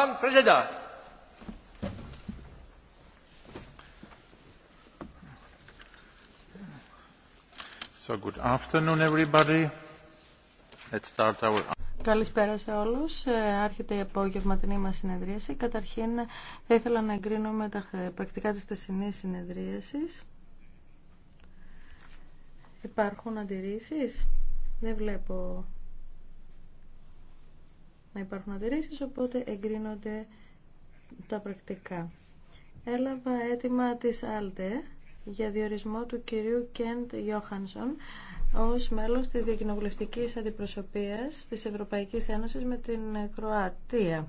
good afternoon everybody. Let's start our... Καλησπέρα σε όλου. Ε, άρχεται η την μα συνεδρίαση. Καταρχήν θα ήθελα να εγκρίνουμε τα πρακτικά τη θεσινή συνεδρίαση. Υπάρχουν αντιρρήσει. Δεν βλέπω να υπάρχουν αντιρρήσει, οπότε εγκρίνονται τα πρακτικά. Έλαβα αίτημα της ΑΛΤΕ για διορισμό του κυρίου Κέντ Γιώχανσον ως μέλος της διακοινοβουλευτική αντιπροσωπείας της Ευρωπαϊκής Ένωσης με την Κροατία.